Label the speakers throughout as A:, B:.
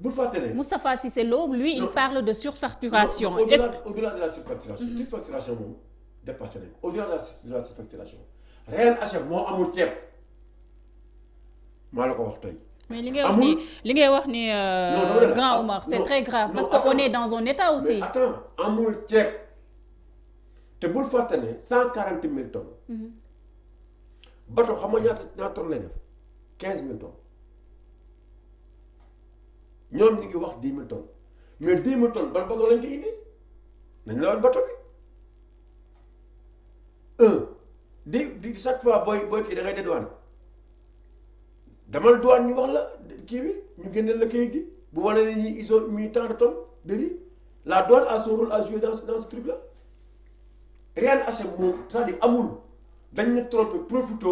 A: bul fàtte ne
B: Moustapha Cissé Lo lui il parle de surfacturation. est-ce que
A: au-delà de surfacturation. moom dépassé nañ ko au-delà moo amul ceeb maa la ko wax tey.
B: mais li ngay wax ni li ngay wax ni euh, grand ah, Omar c'est très grave parce que on est dans un état aussi. mais attends
A: amul ceeb te bul fàtte ne cent quarante mille tonnes. Mhm. bato xam ñaata ñaata tonnes lay def quinze ñoom ñu ngi wax dix mille tonnes mais dix mille tonnes ban bateau ko indi nañ la woon bateau bi un di di chaque fois booy booy kii da ngay dédouane damal douane ñu wax la kii bi ñu génne la kayit gi bu wane na ñi ils ont mis tant de tonnes de riz la douane à jouer dans dans ce la là rien achève moom cest à amul dañ ne trompé profito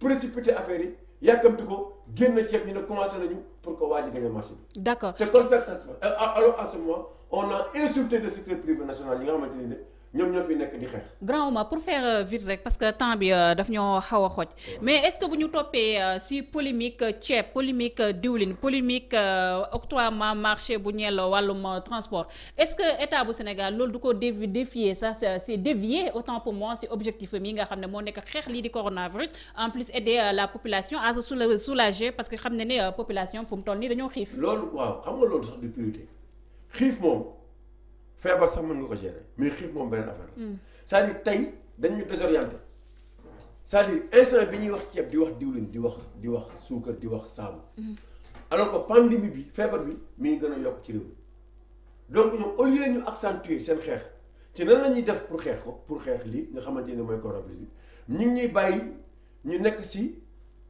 A: précipité affaire yi yàkkamti ko génn ceeb ñu ne commencé nañu pour que Wadi gagne le marché. D'accord. C'est comme ça que ça se passe. Euh, alors à ce moment, on a insulté le secteur privé national. ñoom ñoo fi nekk di xeex.
B: grand Oumar pour faire euh, vite rek parce que temps bi euh, daf ñoo xaw a xooj mais est-ce que bu ñu toppee euh, si polémique ceeb polémique diwlin polémique octroiement marché bu ñeel wàllum transport est-ce que état bu Sénégal loolu du ko dévier ça c'est dévier autant pour moi si objectif yi nga xam ne moo nekk xeex lii di coronavirus en plus aider la population à se soulager parce que xam ne ni population fu mu toll nii dañoo xiif. loolu
A: waaw xam nga loolu sax feebar sax mën nga ko gérer mais xiif moom beneen affaire la. Mm. cest à tey dañ ñu désorienté c'est-à-dire instant bi ñuy wax ceeb di wax diwlin di wax di wax suukar di wax saabu. Mm-hmm. alors que pandémie bi feebar bi mi gën a yokk ci réew mi donc ñoom au lieu ñu seen xeex ci nan la ñuy def pour xeex ko pour xeex lii nga xamante ne mooy coronavirus bi ñu ngi ñuy bàyyi ñu nekk si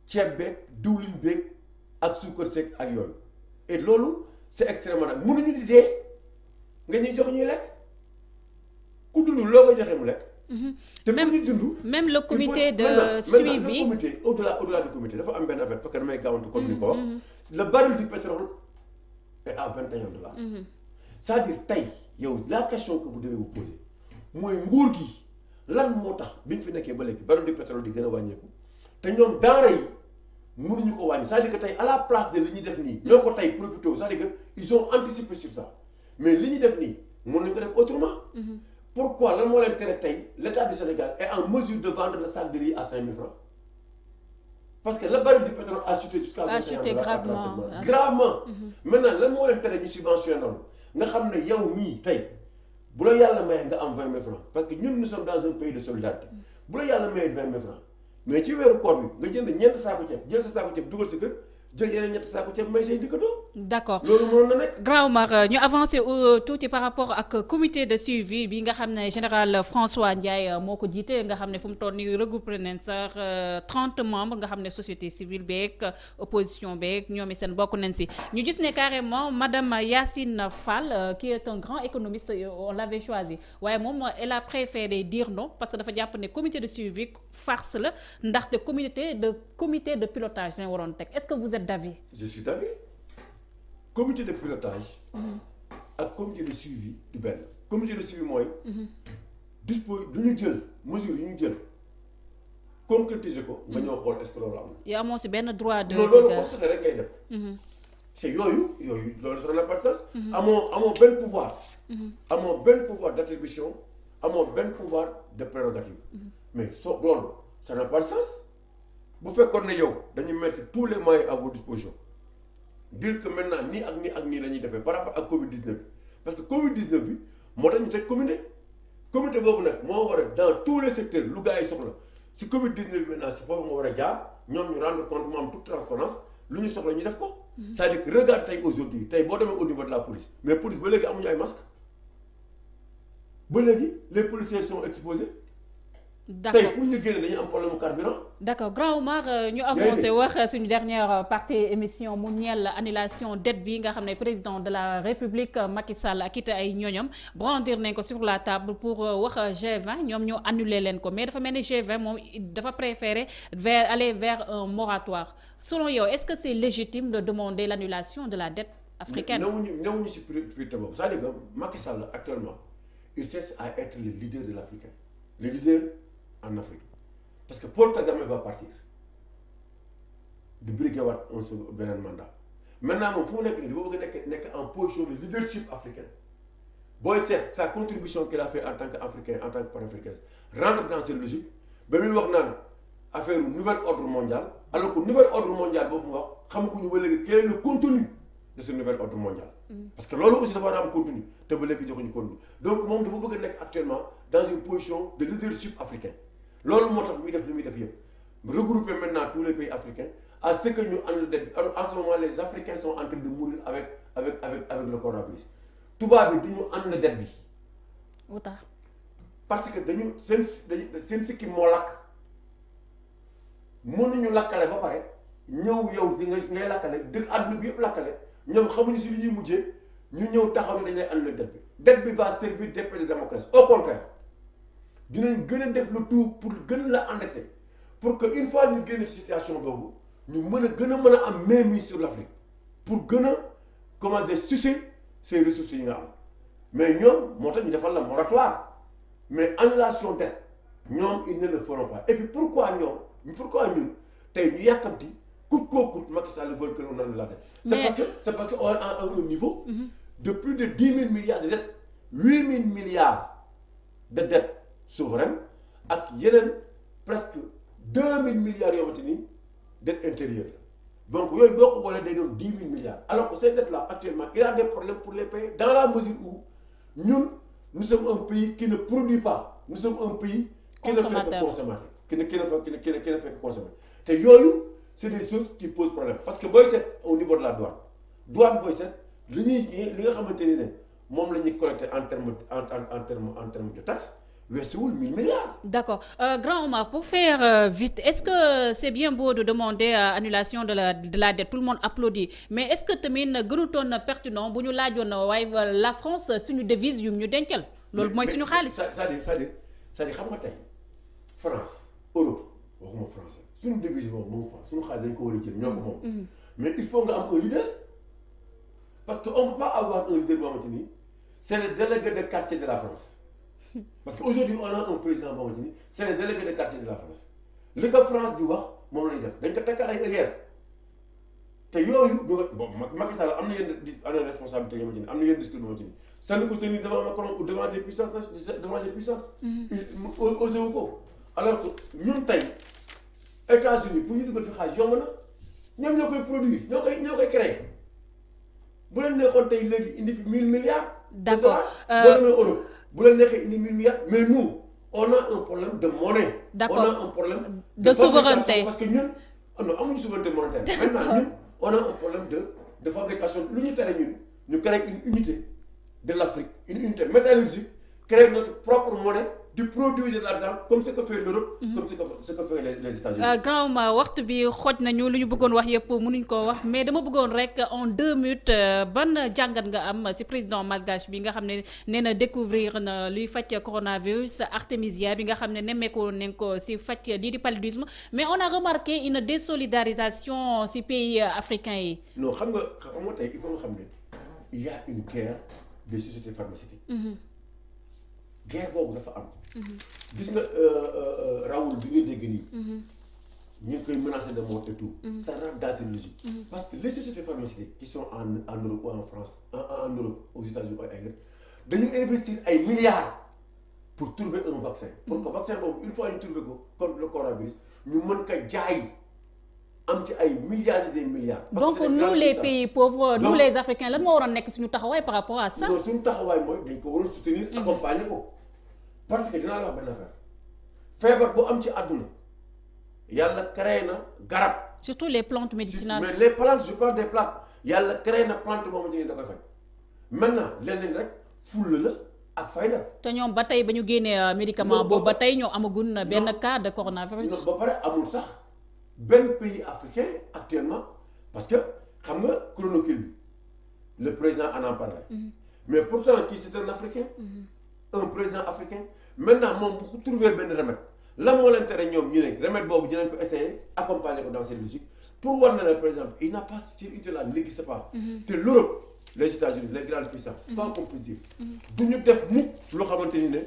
A: ceeb beeg diwlin beeg ak suukar seeg ak yooyu et loolu c'est extrêmement mënuñu di dee. nga ñuy jox ñuy lekk ku dund loo ko joxe mu lekk.
B: Mhm. te pour ñu dund. même le comité de suivi
A: comité au delà au dafa am benn affaire parce que damay gaawantu comme ni ko wax. Mhm, mhm. le baril du pétrole à vingt et un dire tey yow la question que vous devez vous mooy nguur gi lan moo tax biñ fi nekkee ba léegi baril du pétrole di gën a wàññeeku te ñoom denrée yi mënuñu ko wàññi c'est-à-dire que tey à la place de li ñuy def nii. ñoo ko tey profité wu cest dire que ils ont anticipé sur ça. mais li ñu def nii mën nañu ko def autrement. Mhm. pourquoi lan moo leen tere tey l' état du Sénégal est en mesure de vendre le sac de riz à 5000 parce que la baril du pétrole a chuté jusqu'à. a chuté gravement gravement. Mhm. maintenant lan moo leen tere ñu subventionné noonu nga xam ne yow mii tey bu la yàlla maye nga am 20 000 parce que ñun nous sommes dans pays de solidarité mhm. bu la yàlla maye 20 000 mais ci weeru koor bi nga jënd ñeent saako ceeb jël sa saako ceeb dugal sa kër jël yeneen ñetti saako ceeb may say dëkkatoo.
B: d' accord loolu mënoon na nekk. Grand Omar euh, ñu avancé euh, tuuti par rapport ak comité de suivi bi nga xam ne général François Ndiaye euh, moo ko jiite nga xam ne fu mu toll nii regroupé nañ sax trente membres nga xam ne société civile beek opposition beeg ñoom i seen bokk nañ si ñu gis ne carrément madame Yacine Fall qui est un grand économiste on l' avait choisi waaye moom elle a préféré dire no parce que dafa jàpp ne comité de suivi farce la ndaxte comité de comité de pilotage waroon teg est ce que vous êtes d' avis. comité de
A: pilotage. Mhm. ak comité de suivi du benn. comité de suivi mooy. Mhm. dispo du ñu jël mesure yi ñu jël concrétiser ko. Mhm. ba ñëw xool est-ce que loolu am na.
B: yow amoo si benn droit de. non loolu constaté
A: rek ngay def. c'est yooyu yooyu loolu sax la partage. amoo benn pouvoir. amoo benn pouvoir de prérogative. mais soo loolu ça n'a pas de sens bu fekkoon ne yow dañu mettre tous les moyens à disposition. dire que maintenant nii ak nii ak nii la ñuy defee par rapport ak Covid 19 parce que Covid 19 bi moo tax ñu teg comité comité boobu nag moo war a dans tous les secteurs lu gars yi soxla si Covid 19 bi maintenant si foofu nga war a jaar ñoom ñu rendre compte mu am toute transparence lu ñu soxla ñu def ko. Mhm. sa à dire que regarde tey aujourd'hui tey boo demee au niveau de la police mais police ba léegi amuñu ay masques ba léegi les policiers sont exposés. d' accord tey pour ñu
B: am grand Omar euh, ñu avancé wax suñu dernière euh, partie émission mu ñeel annulation dette bi nga xam ne président de la république euh, Macky Sall ak it ay ñooñam brandir nañ ko sur la table pour wax g ñoom ñoo annulé leen ko mais dafa mel ni G20 moom dafa préféré vers aller vers un moratoire selon yow est ce que c' est légitime de demander l' de la dette africaine. newuñu
A: newuñu si priorité boobu c'est-à-dire que actuellement il cherche à être le en Afrique. Parce que Paul Kagame va partir. De Brigawad, waat se un mandat. Maintenant, mon fonds n'est en position de leadership africain. Boyset, sa contribution qu'il a fait en tant qu'Africain, en tant que africain rentre dans cette logique. Ben, il a faire un nouvel ordre mondial. Alors que le nouvel ordre mondial, quel est le contenu de ce nouvel ordre mondial. Mm. Parce que l'ordre aussi d'avoir un contenu. Donc, il faut actuellement dans une position de loolu moo tax muy def li muy def yëpp regrouper maintenant tous les pays africains à ce que ñu ànd de en ce moment les africains sont en train de mourir avec avec avec avec le coronavirus tubaab bi du ñu ànd det bi. wu tax parce que dañu seen seen sikkim moo lakk mënuñu lakkale ba pare ñëw yow di nga ngay lakkale dëkk àdduna bi yëpp lakkale ñoom xamuñu si li ñuy mujjee ñu ñëw taxaw ne dañ lay ànd det bi det bi va servir d'épée de dinañ gën a def le tout pour gën la endetter pour que une fois ñu génn situation boobu ñu mën a gën a mën a am mainmise sur l'Afrique pour gën a comment dire sucer ces ressources yi nga am mais ñoom moo tax ñu defal la moratoire mais annulation dette ñoom ils ne le feront pas et puis pourquoi ñoom pourquoi ñun tey ñu yàkkamti coûte que coûte Macky Sall veut que l'on annule la dette. c'est parce que c'est parce que on est à un niveau. Mm-hmm. de plus de dix mille milliards de de souveraine ak yeneen presque deux mille milliards yoo xamante ni dette intérieure la donc yooyu boo ko boolee day doon dix mille milliards alors que cette dette là actuellement il y a des problèmes pour les payer dans la mesure où ñun nous sommes un pays qui ne produit pas nous sommes un pays qui ne fait que consommateur qui ne qui ne te yooyu c'est des choses qui posent problème parce que booy seet au niveau la douane douane booy seet li ñuy li nga xamante ni ne moom la ñuy collecté en terme en en en terme en terme de weesuwul 1000 milliards.
B: d'accord euh, grand Omar pour faire euh, est-ce que c'est bien beau de demander euh, annulation de la de la dette tout le monde applaudit mais est-ce que tamit gënutoon pertinent bu ñu laajoon euh, waaye euh, la France euh, suñu devise yu ñu dencal. loolu mooy suñu xaalis c'est-à-dire
A: c'est-à-dire xam nga tey France Europe waxuma France suñu devise moom moomu France suñu xaalis dañ ko war a jël ñoo moom. Mm-hmm. mais il faut nga am un leader parce que on peut pas avoir un leader boo le délégué de quartier parce que aujourd'hui on a un président boo xamante ni c'est le quartier de la France li ko France di wax moom lay def dañ ko takkal ay arrière te yooyu doo bon Macky Sall am na yenn di am na responsabilité yoo xamante ni am na yenn discours yoo xamante ni sànni ko tenir devant Macron ou devant a puissances devant des puissances mm-hmm. osé wu yomb na ñoom ñoo koy produire ñoo koy ñoo koy créer bu leen neexoon tey léegi indi fi mille milliards. d'accord boo demee euh, Europe. bu la neexee indi mille milliards mais nous on a un problème de monnaie. d'accord on a un problème. de, de souveraineté parce que ñun ah non amuñu souveraineté monétaire. maintenant ñun on a un problème de de fabrication lu ñu tere ñun ñu créer une unité de l'Afrique une unité métallurgique créer notre propre monnaie. di produire de l'argent comme ce que fait l'Europe mhm. comme ce que ce les États-Unis euh,
B: grand waxtu bi xooj nañu lu ñu bëggoon wax yëpp mënuñ koo wax mais dama bëggoon rek en deux minutes euh, ban jàngat nga am ci président malgache bi nga xam ne nee na découvrir na luy faj coronavirus artémisia bi nga xam ne nemmeeku nañ ko ci faj lii di paludisme mais on a remarqué une désolidarisation ci pays africains yi
A: non xam nga xam nga tey il faut nga xam ne il a une guerre des sociétés pharmaceutiques mhm. guerre boobu dafa am. Mhm. gis nga euh, euh, Raoul bi ngay dégg nii. Mhm. ñu ngi koy menacé de mort et tout. Mhm. ça rentre dans une parce que les sociétés pharmaceutiques qui sont en en Europe ou en France en Europe aux États-Unis ay ailleurs dañu investir ay milliards pour trouver un vaccin. pour que vaccin boobu il faut ñu trouver ko contre le coronavirus ñu mën ko jaay. am ci ay milliards et des milliards. donc nous les pays
B: pauvres nous les africains lan moo waroon nekk suñu taxawaay par rapport à ça. non suñu
A: taxawaay mooy dañ ko waroon soutenir. Mhm. accompagner ko parce que dinaa la wax feebar bu am ci àdduna yàlla créé na garab.
B: surtout les plantes médicinales mais les
A: plantes je parle yàlla créé na plante moom la ñu da koy faj maintenant leneen rek fulla la ak fayda.
B: te ñoom ba tey ba ñu génnee euh, médicament boobu ba tey ñoo na benn cas de coronavirus. ba pare amul sax.
A: benn pays africain actuellement parce que xam nga chloroquine bi le président en a parlé. Mm-hmm. mais pourtant kii c'est un africain.
B: Mm-hmm.
A: un président africain maintenant moom bu ko trouver benn remède la moo leen tere ñoom ñu ne remède boobu dinañ ko essayer accompagner ko dans cette logique pour war na ne par exemple il n'a pas cette unité-là n'existe pas. Mm-hmm. te l'Europe les États-Unis les grandes puissances. tant qu'on peut ñu def mukk loo xamante ni ne.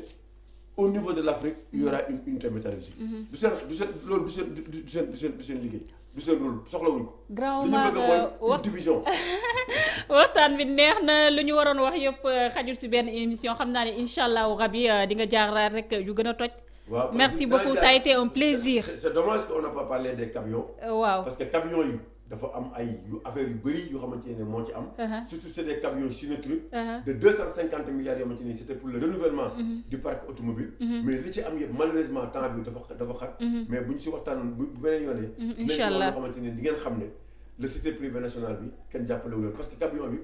A: au niveau de l'Afrique il y aura une unité métallurgique. Mm-hmm. du seen du seen loolu du seen du seen du du seen liggéey du seen ko.
B: grand maag li ñu euh, oh. waxtaan bi neex na lu ñu waroon wax yëpp euh, xajul si benn émission xam naa ne incha allahu rabi euh, di nga jaaraat rek yu gën a toj. merci beaucoup ça a été un plaisir.
A: c'est dommage qu'on n'a pas parlé des camions. waaw parce que camions yi. dafa am ay yu affaire yu bëri yoo xamante ne moo ci am. Uh-huh. surtout c' est des camions Synétruc. Uh-huh. de deux cent cinquante milliards yoo xamante ne c' était pour le renouvellement. Mm-hmm. du automobile mm-hmm. mais li ci am yëpp malheureusement temps bi dafa xat. Mm-hmm. mais bu ñu si waxtaan bu beneen yoonee. incha allah dinañ xamante ne di ngeen xam ne le secteur privé national bi kenn jàppale wu parce que camion bi.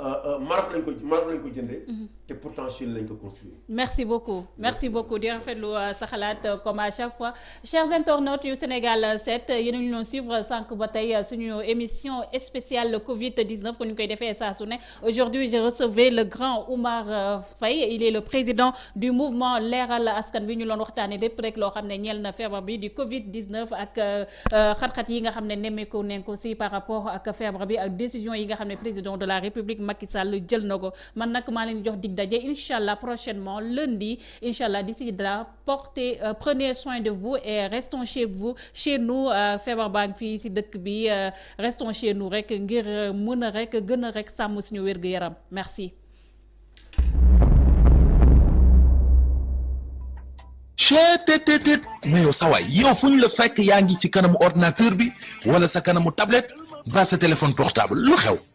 A: Euh, euh, Maroc lañ ko Maroc mhm. te pourtant Chine lañ ko construire.
B: merci beaucoup merci beaucoup di rafetlu euh, sa xalaat comme à chaque fois chers internautes yu Sénégal 7 yéen a ngi doon suivre sànq ba tey suñu émission spéciale Covid 19 ko ñu koy defee saa su ne aujourd'hui je recevais le grand Oumar Faye il est le président du mouvement leeral askan bi ñu loon waxtaanee lépp rek loo xam ne ñeel na feebar bi di Covid 19 ak xat-xat yi nga xam ne nemmeeku nañ ko si par rapport ak feebar yi nga xam ne président de la république Macky Sall jël na ko man nag maa leen jox dig daje incha allah prochainement lundi incha di si daa portez euh, prenez soin de vous et restons chez vous chez nous euh, feebar baa ngi fii si dëkk bi euh, restons chez nous rek ngir mën a rek gën a rek sàmm suñu wér-gu-yaram merci.
A: cheetetetet mais yow sa waay yow fu ñu la fekk yaa ngi ci kanamu ordinateur bi wala sa kanamu tablette ba sa téléphone portable lu xew.